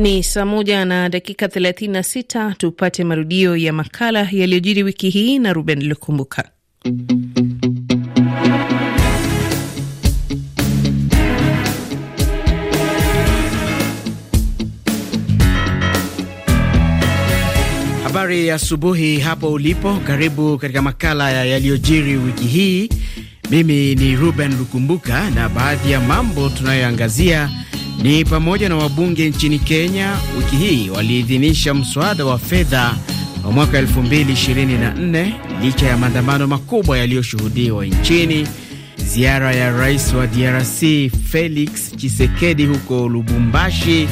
Ni saa moja na dakika 36. Tupate marudio ya makala yaliyojiri wiki hii na Ruben Lukumbuka. Habari ya asubuhi hapo ulipo, karibu katika makala ya yaliyojiri wiki hii. Mimi ni Ruben Lukumbuka, na baadhi ya mambo tunayoangazia ni pamoja na wabunge nchini Kenya wiki hii waliidhinisha mswada wa fedha wa mwaka 2024 licha ya maandamano makubwa yaliyoshuhudiwa nchini. Ziara ya rais wa DRC Felix Tshisekedi huko Lubumbashi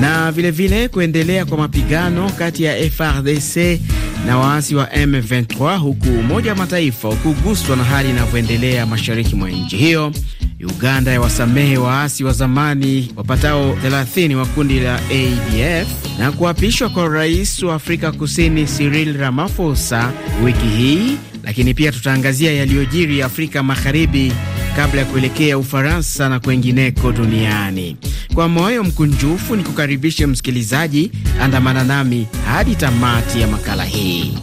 na vilevile vile kuendelea kwa mapigano kati ya FRDC na waasi wa M23 huku Umoja wa Mataifa ukuguswa na hali inavyoendelea mashariki mwa nchi hiyo. Uganda ya wasamehe waasi wa zamani wapatao 30 wa kundi la ADF na kuapishwa kwa rais wa Afrika Kusini Cyril Ramaphosa wiki hii, lakini pia tutaangazia yaliyojiri Afrika Magharibi kabla ya kuelekea Ufaransa na kwengineko duniani. Kwa moyo mkunjufu ni kukaribishe msikilizaji, andamana nami hadi tamati ya makala hii.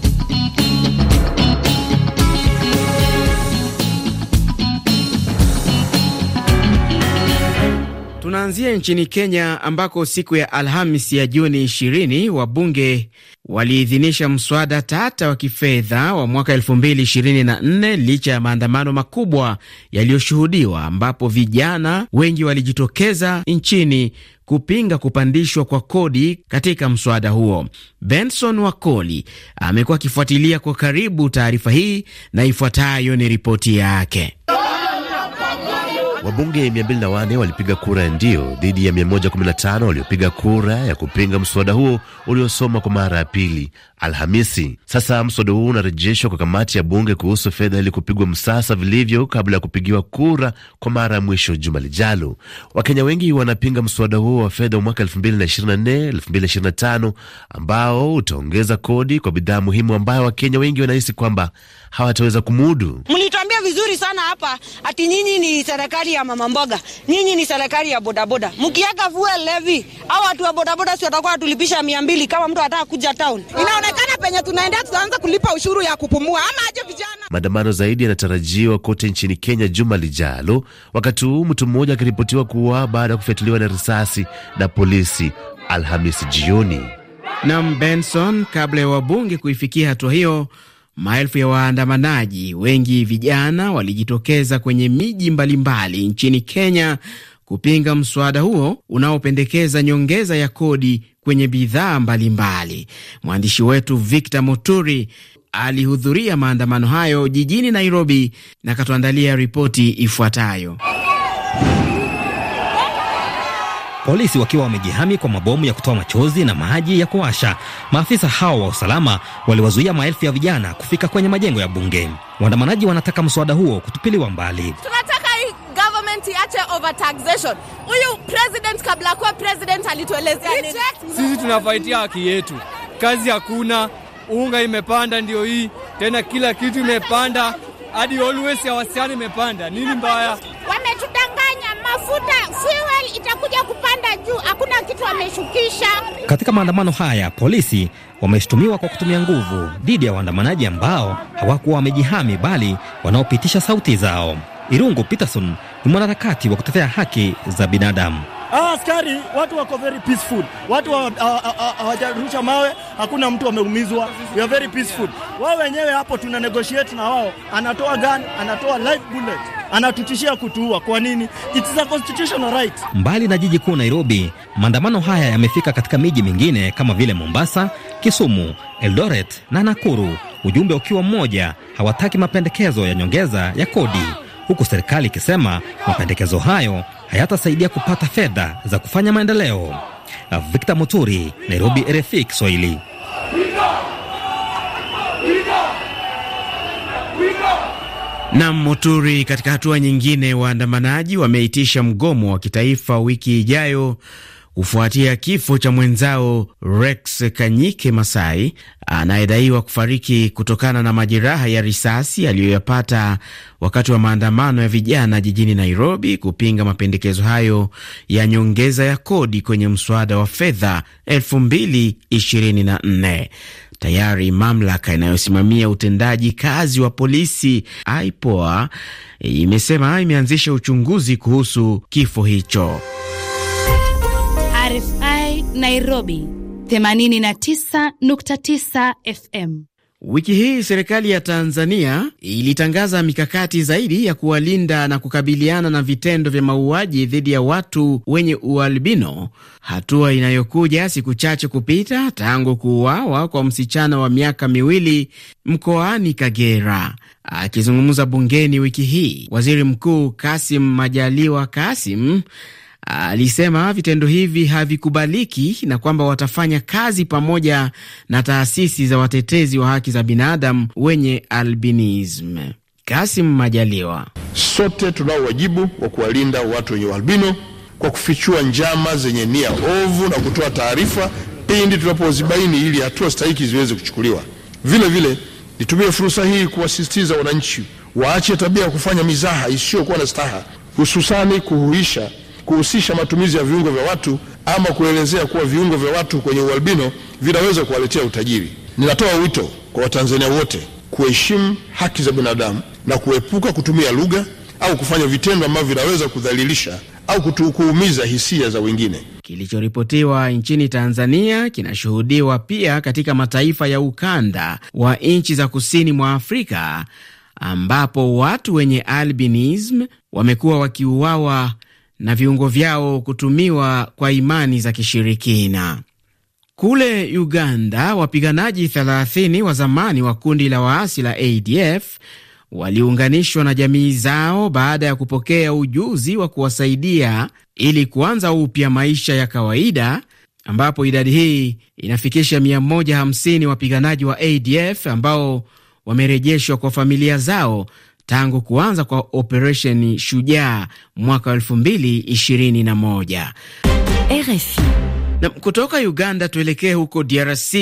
Tunaanzia nchini Kenya ambako siku ya Alhamis ya Juni 20 wabunge waliidhinisha mswada tata wa kifedha wa mwaka 2024 licha ya maandamano makubwa yaliyoshuhudiwa ambapo vijana wengi walijitokeza nchini kupinga kupandishwa kwa kodi katika mswada huo. Benson Wakoli amekuwa akifuatilia kwa karibu taarifa hii na ifuatayo ni ripoti yake. Wabunge 204 walipiga kura ya ndio dhidi ya 115 waliopiga kura ya kupinga mswada huo uliosoma kwa mara ya pili Alhamisi. Sasa mswada huu unarejeshwa kwa kamati ya bunge kuhusu fedha ili kupigwa msasa vilivyo kabla ya kupigiwa kura kwa mara ya mwisho juma lijalo. Wakenya wengi wanapinga mswada huo wa fedha wa mwaka 2024 2025 ambao utaongeza kodi kwa bidhaa muhimu ambayo Wakenya wengi wanahisi kwamba hawataweza kumudu. Mlituambia vizuri sana hapa ati nyinyi ni serikali ya mama mboga, nyinyi ni serikali ya bodaboda. Mkiaga fuel levy au watu wa bodaboda si watakuwa watulipisha mia mbili kama mtu anataka kuja town. Inaona inaonekana penye tunaendea tutaanza kulipa ushuru ya kupumua ama aje vijana. Maandamano zaidi yanatarajiwa kote nchini Kenya juma lijalo, wakati huu mtu mmoja akiripotiwa kuwa baada ya kufyatuliwa na risasi na polisi Alhamisi jioni. Nam Benson, kabla ya wabunge kuifikia hatua hiyo Maelfu ya waandamanaji, wengi vijana, walijitokeza kwenye miji mbalimbali nchini Kenya kupinga mswada huo unaopendekeza nyongeza ya kodi kwenye bidhaa mbalimbali. Mwandishi wetu Victor moturi alihudhuria maandamano hayo jijini Nairobi na akatuandalia ripoti ifuatayo. Polisi wakiwa wamejihami kwa mabomu ya kutoa machozi na maji ya kuwasha. Maafisa hao wa usalama waliwazuia maelfu ya vijana kufika kwenye majengo ya bunge. Waandamanaji wanataka mswada huo kutupiliwa mbali. Tunataka hii government iache taxation. Huyu president kabla kuwa president alituelezea nini? Sisi tunafaitia haki yetu, kazi hakuna, unga imepanda, ndio hii tena, kila kitu imepanda, hadi always ya wasichana imepanda. Nini mbaya? Wametudanganya, mafuta fuel itakuja kupanda juu, hakuna kitu wameshukisha. Katika maandamano haya polisi wameshtumiwa kwa kutumia nguvu dhidi ya waandamanaji ambao hawakuwa wamejihami, bali wanaopitisha sauti zao. Irungu Peterson ni mwanaharakati wa kutetea haki za binadamu. Ah, askari watu wako very peaceful, watu hawajarusha mawe, hakuna mtu ameumizwa, we are very peaceful. Wao wenyewe hapo tuna negotiate na wao, anatoa gun, anatoa live bullet, anatutishia kutuua. Kwa nini? It's a constitutional right. Mbali na jiji kuu Nairobi, maandamano haya yamefika katika miji mingine kama vile Mombasa, Kisumu, Eldoret na Nakuru, ujumbe ukiwa mmoja, hawataki mapendekezo ya nyongeza ya kodi huku serikali ikisema mapendekezo hayo hayatasaidia kupata fedha za kufanya maendeleo. Victor Muturi, Nairobi, RFI Kiswahili. na Muturi. Katika hatua nyingine, waandamanaji wameitisha mgomo wa kitaifa wiki ijayo kufuatia kifo cha mwenzao Rex Kanyike Masai anayedaiwa kufariki kutokana na majeraha ya risasi aliyoyapata wakati wa maandamano ya vijana jijini Nairobi kupinga mapendekezo hayo ya nyongeza ya kodi kwenye mswada wa fedha 2024. Tayari mamlaka inayosimamia utendaji kazi wa polisi IPOA imesema imeanzisha uchunguzi kuhusu kifo hicho. Nairobi 89.9 FM. Wiki hii serikali ya Tanzania ilitangaza mikakati zaidi ya kuwalinda na kukabiliana na vitendo vya mauaji dhidi ya watu wenye ualbino, hatua inayokuja siku chache kupita tangu kuuawa kwa msichana wa miaka miwili mkoani Kagera. Akizungumza bungeni wiki hii, waziri mkuu Kasim Majaliwa Kasim alisema vitendo hivi havikubaliki na kwamba watafanya kazi pamoja na taasisi za watetezi wa haki za binadamu wenye albinism. Kasim Majaliwa: sote tunao wajibu wa kuwalinda watu wenye ualbino kwa kufichua njama zenye nia ovu na kutoa taarifa pindi tunapozibaini, ili hatua stahiki ziweze kuchukuliwa. Vile vile nitumie fursa hii kuwasisitiza wananchi waache tabia ya kufanya mizaha isiyokuwa na staha, hususani kuhuisha kuhusisha matumizi ya viungo vya watu ama kuelezea kuwa viungo vya watu kwenye ualbino vinaweza kuwaletea utajiri. Ninatoa wito kwa Watanzania wote kuheshimu haki za binadamu na kuepuka kutumia lugha au kufanya vitendo ambavyo vinaweza kudhalilisha au kutu kuumiza hisia za wengine. Kilichoripotiwa nchini Tanzania kinashuhudiwa pia katika mataifa ya ukanda wa nchi za kusini mwa Afrika ambapo watu wenye albinism wamekuwa wakiuawa na viungo vyao kutumiwa kwa imani za kishirikina. Kule Uganda, wapiganaji 30 wa zamani wa kundi la waasi la ADF waliunganishwa na jamii zao baada ya kupokea ujuzi wa kuwasaidia ili kuanza upya maisha ya kawaida, ambapo idadi hii inafikisha 150 wapiganaji wa ADF ambao wamerejeshwa kwa familia zao tangu kuanza kwa operesheni Shujaa mwaka wa elfu mbili ishirini na moja. RFI na kutoka Uganda tuelekee huko DRC,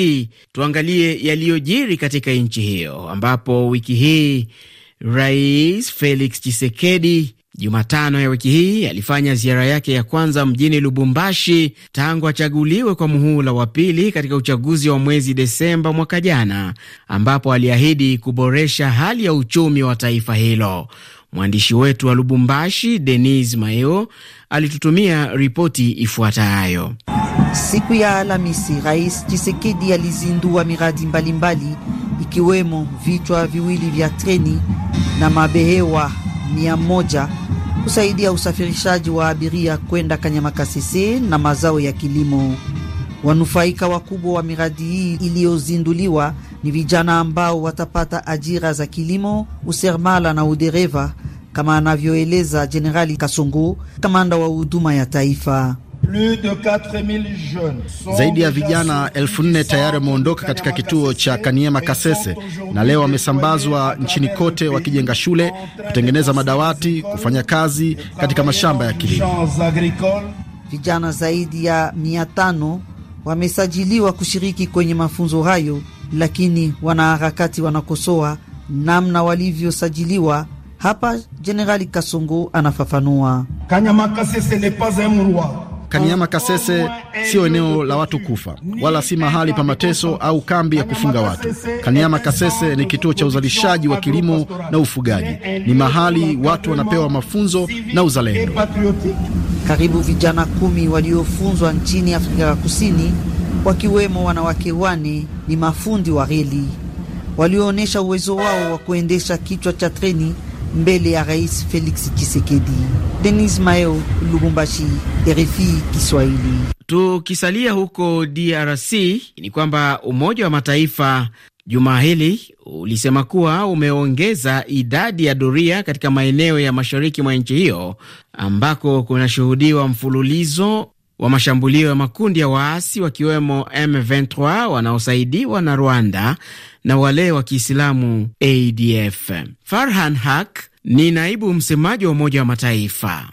tuangalie yaliyojiri katika nchi hiyo ambapo wiki hii Rais Felix Tshisekedi Jumatano ya wiki hii alifanya ziara yake ya kwanza mjini Lubumbashi tangu achaguliwe kwa muhula wa pili katika uchaguzi wa mwezi Desemba mwaka jana, ambapo aliahidi kuboresha hali ya uchumi wa taifa hilo. Mwandishi wetu wa Lubumbashi, Denis Mayo, alitutumia ripoti ifuatayo. Siku ya Alhamisi, Rais chisekedi alizindua miradi mbalimbali mbali, ikiwemo vichwa viwili vya treni na mabehewa mia moja kusaidia usafirishaji wa abiria kwenda kanyamakasese na mazao ya kilimo. Wanufaika wakubwa wa miradi hii iliyozinduliwa ni vijana ambao watapata ajira za kilimo, useremala na udereva, kama anavyoeleza Jenerali Kasungu, kamanda wa huduma ya taifa. Zaidi ya vijana elfu nne tayari wameondoka katika kituo cha Kaniema Kasese, na leo wamesambazwa nchini kote wakijenga shule, kutengeneza madawati, kufanya kazi katika mashamba ya kilimo. Vijana zaidi ya mia tano wamesajiliwa kushiriki kwenye mafunzo hayo, lakini wanaharakati wanakosoa namna walivyosajiliwa. Hapa Jenerali Kasongo anafafanua. Kanyama Kasese ne pas un Kanyama Kasese sio eneo la watu kufa wala si mahali pa mateso au kambi ya kufunga watu. Kanyama Kasese ni kituo cha uzalishaji wa kilimo na ufugaji, ni mahali watu wanapewa mafunzo na uzalendo. Karibu vijana kumi waliofunzwa nchini Afrika ya Kusini, wakiwemo wanawake wane, ni mafundi wa reli walioonyesha uwezo wao wa kuendesha kichwa cha treni mbele ya Rais Felix Tshisekedi. Denis Mayo, Lubumbashi, RFI Kiswahili. Tukisalia huko DRC ni kwamba Umoja wa Mataifa Jumaa hili ulisema kuwa umeongeza idadi ya doria katika maeneo ya mashariki mwa nchi hiyo ambako kunashuhudiwa mfululizo wa mashambulio ya makundi ya waasi wakiwemo M23 wanaosaidiwa na Rwanda na wale wa Kiislamu ADF. Farhan Haq ni naibu msemaji wa Umoja wa Mataifa.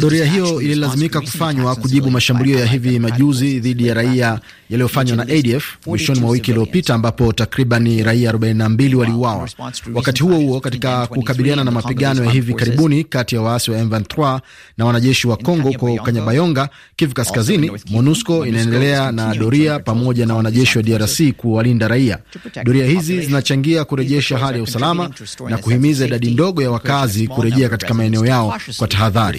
Doria hiyo ililazimika kufanywa kujibu mashambulio ya hivi majuzi dhidi ya raia yaliyofanywa na ADF mwishoni mwa wiki iliyopita, ambapo takribani raia 42 waliuawa. Wakati huo huo, katika kukabiliana na mapigano ya hivi karibuni kati ya waasi wa M23 na wanajeshi wa congo huko Kanyabayonga, Kivu Kaskazini, MONUSCO inaendelea na doria pamoja na wanajeshi wa DRC kuwalinda raia. Doria hizi zinachangia kurejesha hali ya usalama na kuhimiza idadi ndogo ya wakazi kurejea katika maeneo yao kwa tahadhari.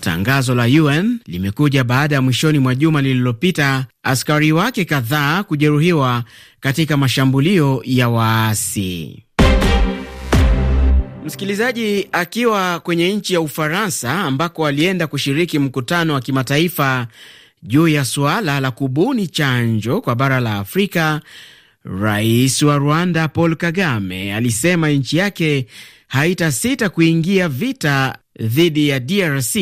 Tangazo la UN limekuja baada ya mwishoni mwa juma lililopita askari wake kadhaa kujeruhiwa katika mashambulio ya waasi. Msikilizaji, akiwa kwenye nchi ya Ufaransa ambako alienda kushiriki mkutano wa kimataifa juu ya suala la kubuni chanjo kwa bara la Afrika, Rais wa Rwanda Paul Kagame alisema nchi yake haitasita kuingia vita dhidi ya DRC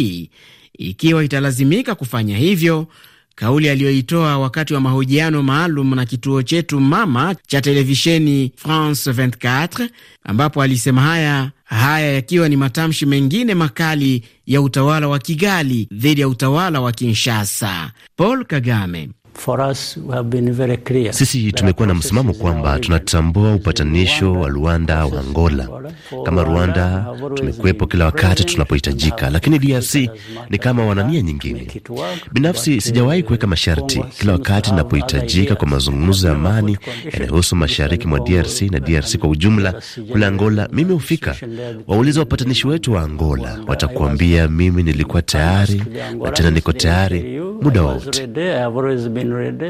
ikiwa italazimika kufanya hivyo, kauli aliyoitoa wakati wa mahojiano maalum na kituo chetu mama cha televisheni France 24 ambapo alisema haya haya yakiwa ni matamshi mengine makali ya utawala wa Kigali dhidi ya utawala wa Kinshasa. Paul Kagame sisi tumekuwa na msimamo kwamba tunatambua upatanisho wa Rwanda wa Angola. Kama Rwanda tumekuwepo kila wakati tunapohitajika, lakini DRC ni kama wanamia nyingine. Binafsi sijawahi kuweka masharti. Kila wakati inapohitajika kwa mazungumzo ya amani yanayohusu mashariki mwa DRC na DRC kwa ujumla kule Angola, mimi hufika. Wauliza upatanishi wetu wa Angola, watakuambia mimi nilikuwa tayari na tena niko tayari muda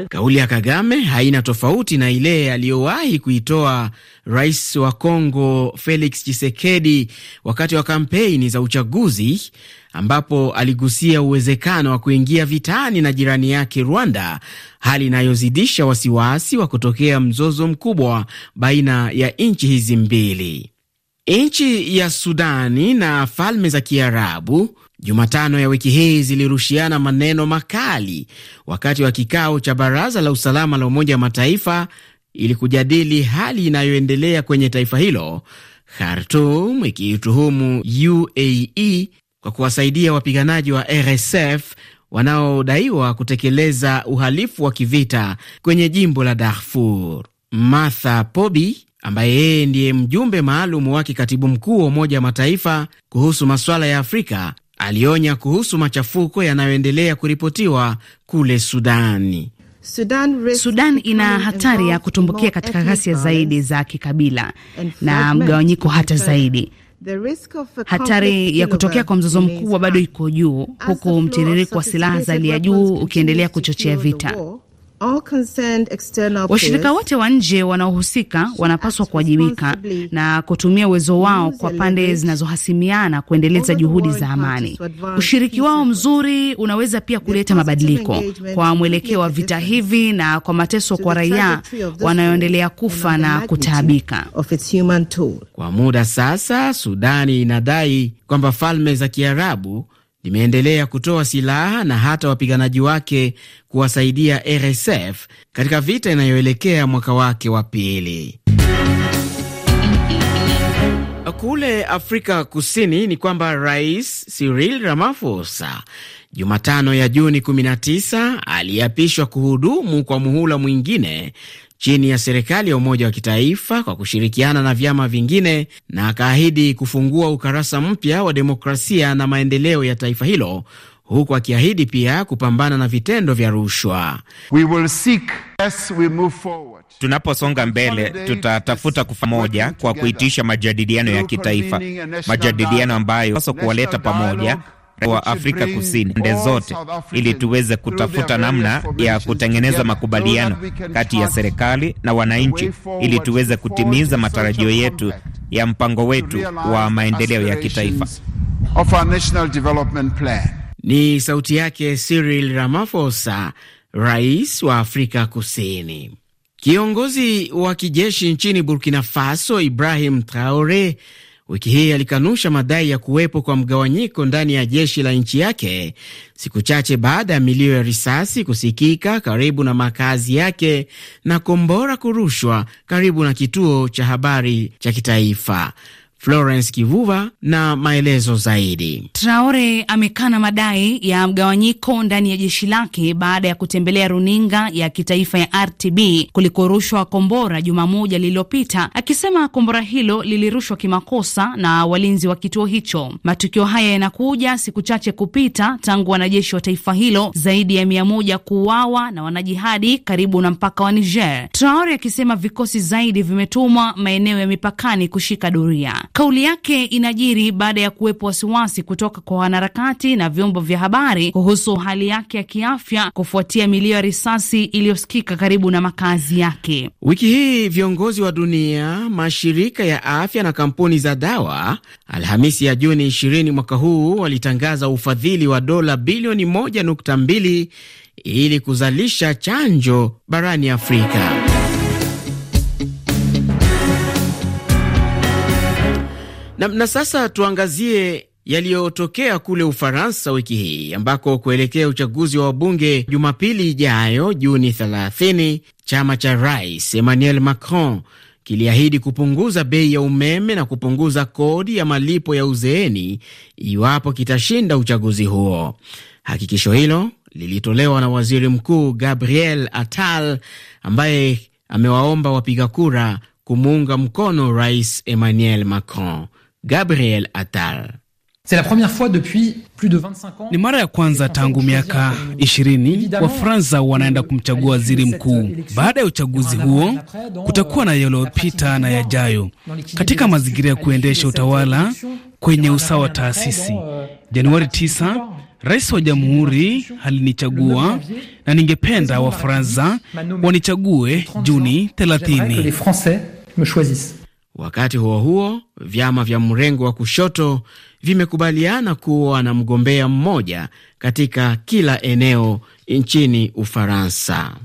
Kauli ya Kagame haina tofauti na ile aliyowahi kuitoa rais wa Kongo Felix Tshisekedi wakati wa kampeni za uchaguzi, ambapo aligusia uwezekano wa kuingia vitani na jirani yake Rwanda, hali inayozidisha wasiwasi wa kutokea mzozo mkubwa baina ya nchi hizi mbili. Nchi ya Sudani na Falme za Kiarabu Jumatano ya wiki hii zilirushiana maneno makali wakati wa kikao cha Baraza la Usalama la Umoja wa Mataifa ili kujadili hali inayoendelea kwenye taifa hilo, Khartum ikiituhumu UAE kwa kuwasaidia wapiganaji wa RSF wanaodaiwa kutekeleza uhalifu wa kivita kwenye jimbo la Darfur. Martha Pobi ambaye yeye ndiye mjumbe maalum wake katibu mkuu wa Umoja wa Mataifa kuhusu masuala ya Afrika alionya kuhusu machafuko yanayoendelea kuripotiwa kule Sudani. Sudan, ina hatari ya kutumbukia katika ghasia zaidi za kikabila na mgawanyiko hata zaidi. Hatari ya kutokea kwa mzozo mkubwa bado iko juu, huku mtiririko wa silaha za hali ya juu ukiendelea kuchochea vita. Washirika wote wa nje wanaohusika wanapaswa kuwajibika na kutumia uwezo wao kwa pande zinazohasimiana kuendeleza juhudi za amani. Ushiriki wao mzuri unaweza pia kuleta mabadiliko kwa mwelekeo wa vita hivi na kwa mateso kwa raia wanayoendelea kufa na kutaabika kwa muda sasa. Sudani inadai kwamba falme za Kiarabu limeendelea kutoa silaha na hata wapiganaji wake kuwasaidia RSF katika vita inayoelekea mwaka wake wa pili. Kule Afrika Kusini ni kwamba Rais Cyril Ramaphosa Jumatano ya Juni 19 aliapishwa kuhudumu kwa muhula mwingine chini ya serikali ya umoja wa kitaifa kwa kushirikiana na vyama vingine, na akaahidi kufungua ukarasa mpya wa demokrasia na maendeleo ya taifa hilo, huku akiahidi pia kupambana na vitendo vya rushwa. Tunaposonga mbele, tutatafuta kufa moja kwa kuitisha majadiliano ya kitaifa, majadiliano ambayo paswa kuwaleta pamoja wa Afrika Kusini, pande zote, ili tuweze kutafuta namna ya kutengeneza makubaliano kati ya serikali na wananchi, ili tuweze kutimiza matarajio yetu ya mpango wetu wa maendeleo ya kitaifa. Ni sauti yake Cyril Ramaphosa, rais wa Afrika Kusini. Kiongozi wa kijeshi nchini Burkina Faso Ibrahim Traore wiki hii alikanusha madai ya kuwepo kwa mgawanyiko ndani ya jeshi la nchi yake, siku chache baada ya milio ya risasi kusikika karibu na makazi yake na kombora kurushwa karibu na kituo cha habari cha kitaifa. Florence Kivuva na maelezo zaidi. Traore amekana madai ya mgawanyiko ndani ya jeshi lake baada ya kutembelea runinga ya kitaifa ya RTB kulikorushwa kombora juma moja lililopita, akisema kombora hilo lilirushwa kimakosa na walinzi wa kituo hicho. Matukio haya yanakuja siku chache kupita tangu wanajeshi wa taifa hilo zaidi ya mia moja kuuawa na wanajihadi karibu na mpaka wa Niger, Traore akisema vikosi zaidi vimetumwa maeneo ya mipakani kushika doria. Kauli yake inajiri baada ya kuwepo wasiwasi kutoka kwa wanaharakati na vyombo vya habari kuhusu hali yake ya kiafya kufuatia milio ya risasi iliyosikika karibu na makazi yake. Wiki hii viongozi wa dunia, mashirika ya afya na kampuni za dawa, Alhamisi ya Juni 20 mwaka huu walitangaza ufadhili wa dola bilioni 1.2 ili kuzalisha chanjo barani Afrika. Na, na sasa tuangazie yaliyotokea kule Ufaransa wiki hii ambako kuelekea uchaguzi wa wabunge Jumapili ijayo Juni 30, chama cha Rais Emmanuel Macron kiliahidi kupunguza bei ya umeme na kupunguza kodi ya malipo ya uzeeni iwapo kitashinda uchaguzi huo. Hakikisho hilo lilitolewa na Waziri Mkuu Gabriel Attal ambaye amewaomba wapiga kura kumuunga mkono Rais Emmanuel Macron. Gabriel Attal. Ni mara ya kwanza tangu miaka ishirini wafaransa wanaenda kumchagua waziri mkuu. Baada ya uchaguzi huo, kutakuwa na yaliyopita na yajayo katika mazingira ya kuendesha utawala kwenye usawa wa taasisi. Euh, Januari 9 rais wa jamhuri alinichagua na ningependa wafaransa wanichague Juni 30. Wakati huo huo, vyama vya mrengo wa kushoto vimekubaliana kuwa na mgombea mmoja katika kila eneo nchini Ufaransa.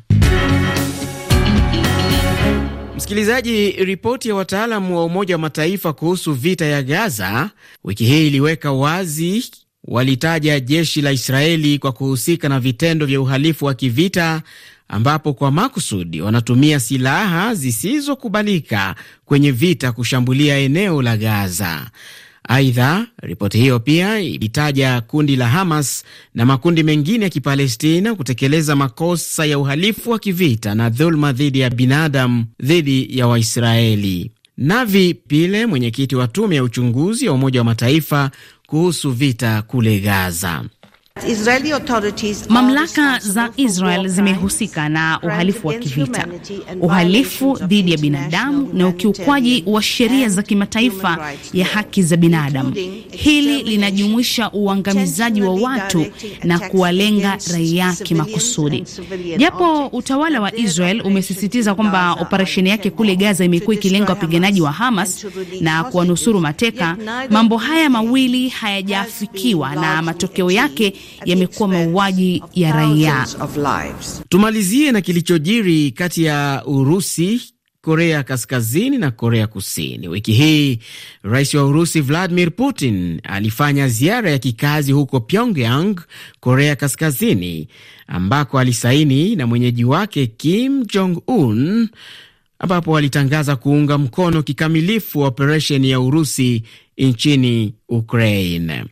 Msikilizaji, ripoti ya wataalamu wa Umoja wa Mataifa kuhusu vita ya Gaza wiki hii iliweka wazi, walitaja jeshi la Israeli kwa kuhusika na vitendo vya uhalifu wa kivita ambapo kwa makusudi wanatumia silaha zisizokubalika kwenye vita kushambulia eneo la Gaza. Aidha, ripoti hiyo pia ilitaja kundi la Hamas na makundi mengine ya Kipalestina kutekeleza makosa ya uhalifu wa kivita na dhuluma dhidi ya binadamu dhidi ya Waisraeli. Navi Pile, mwenyekiti wa tume ya uchunguzi ya Umoja wa Mataifa kuhusu vita kule Gaza, Mamlaka za Israel zimehusika na uhalifu wa kivita, uhalifu dhidi ya binadamu na ukiukwaji wa sheria za kimataifa ya haki za binadamu. Hili linajumuisha uangamizaji wa watu na kuwalenga raia kimakusudi. Japo utawala wa Israel umesisitiza kwamba operesheni yake kule Gaza imekuwa ikilenga wapiganaji wa Hamas na kuwanusuru mateka, mambo haya mawili hayajafikiwa na matokeo yake yamekuwa mauaji ya raia. Tumalizie na kilichojiri kati ya Urusi, Korea Kaskazini na Korea Kusini. Wiki hii rais wa Urusi Vladimir Putin alifanya ziara ya kikazi huko Pyongyang, Korea Kaskazini, ambako alisaini na mwenyeji wake Kim Jong Un, ambapo alitangaza kuunga mkono kikamilifu wa operesheni ya Urusi nchini Ukraine.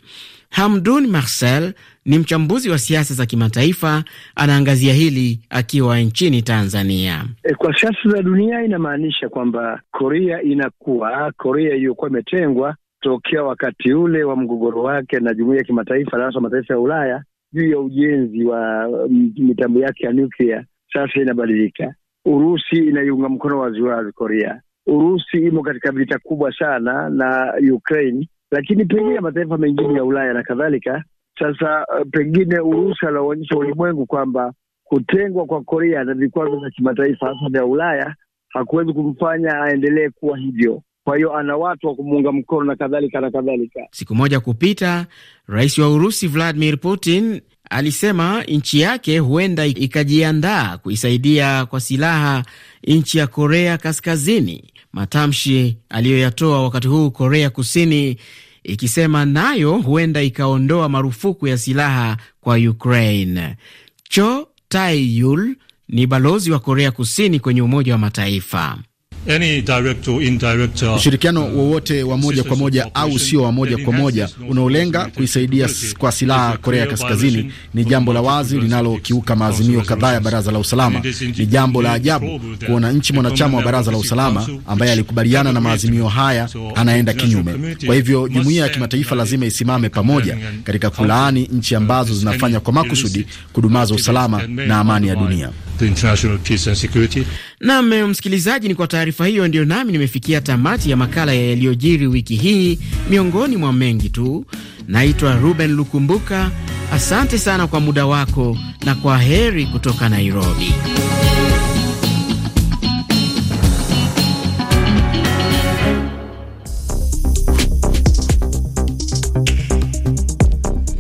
Hamdun Marcel ni mchambuzi wa siasa za kimataifa, anaangazia hili akiwa nchini Tanzania. E, kwa siasa za dunia inamaanisha kwamba Korea inakuwa Korea iliyokuwa imetengwa tokea wakati ule wa mgogoro wake na jumuia ya kimataifa na hasa mataifa ya Ulaya juu ya ujenzi wa mm, mitambo yake ya nuklia. Sasa inabadilika. Urusi inaiunga mkono waziwazi Korea. Urusi imo katika vita kubwa sana na Ukraine, lakini pengine mataifa mengine ya Ulaya na kadhalika sasa eh, pengine Urusi anaonyesha ulimwengu kwamba kutengwa kwa Korea na vikwazo vya kimataifa hasa vya Ulaya hakuwezi kumfanya aendelee kuwa hivyo. Kwa hiyo ana watu wa kumuunga mkono na kadhalika na kadhalika. Siku moja kupita, rais wa Urusi Vladimir Putin alisema nchi yake huenda ikajiandaa kuisaidia kwa silaha nchi ya Korea Kaskazini, matamshi aliyoyatoa wakati huu Korea Kusini ikisema nayo huenda ikaondoa marufuku ya silaha kwa Ukraine. Cho Tae-yul ni balozi wa Korea Kusini kwenye Umoja wa Mataifa. Any direct or indirect, uh, ushirikiano uh, wowote wa moja kwa moja au sio wa moja kwa moja unaolenga kuisaidia kwa silaha Korea Kaskazini ni jambo la wazi linalokiuka maazimio kadhaa ya Baraza la Usalama. Ni jambo la ajabu kuona nchi mwanachama wa Baraza la Usalama ambaye alikubaliana na maazimio haya anaenda kinyume. Kwa hivyo jumuiya ya kimataifa lazima isimame pamoja katika kulaani nchi ambazo zinafanya kwa makusudi kudumaza usalama na amani ya dunia nam international peace and security. Eh, msikilizaji, ni kwa taarifa hiyo ndiyo nami nimefikia tamati ya makala ya yaliyojiri wiki hii miongoni mwa mengi tu. Naitwa Ruben Lukumbuka, asante sana kwa muda wako na kwa heri kutoka Nairobi.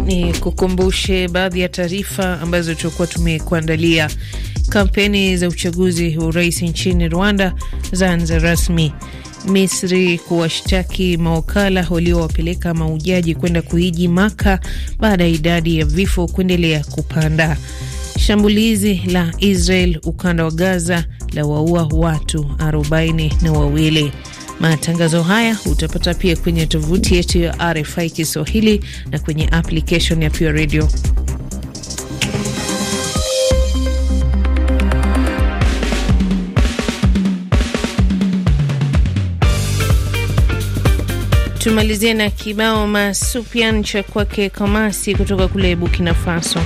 Ni kukumbushe baadhi ya taarifa ambazo tulikuwa tumekuandalia Kampeni za uchaguzi wa urais nchini Rwanda zaanza rasmi. Misri kuwashtaki mawakala waliowapeleka maujaji kwenda kuhiji Maka baada ya idadi ya vifo kuendelea kupanda. Shambulizi la Israel ukanda wa Gaza la waua watu arobaini na wawili. Matangazo haya utapata pia kwenye tovuti yetu ya RFI Kiswahili na kwenye application ya Pure Radio. Tumalizie na kibao Masupian cha kwake Kamasi kutoka kule Burkina Faso.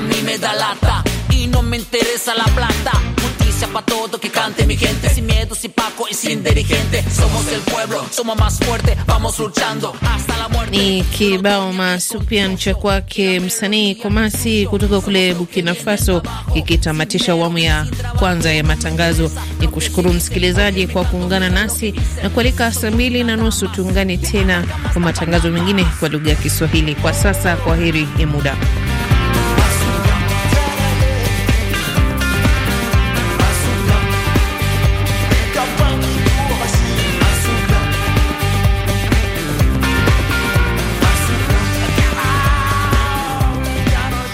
mí me da lata y no me interesa la plata. Justicia para todo que cante mi gente, sin miedo, sin paco y sin dirigente. Somos el pueblo, somos más fuerte, vamos luchando hasta la muerte. Ni kibao masupian cha kwake msanii Komasi kutoka kule Burkina Faso kikitamatisha awamu ya kwanza ya matangazo. Ni kushukuru msikilizaji kwa kuungana nasi na kualika saa mbili na nusu tuungane tena kwa matangazo mengine kwa lugha ya Kiswahili. Kwa sasa, kwa heri ya muda.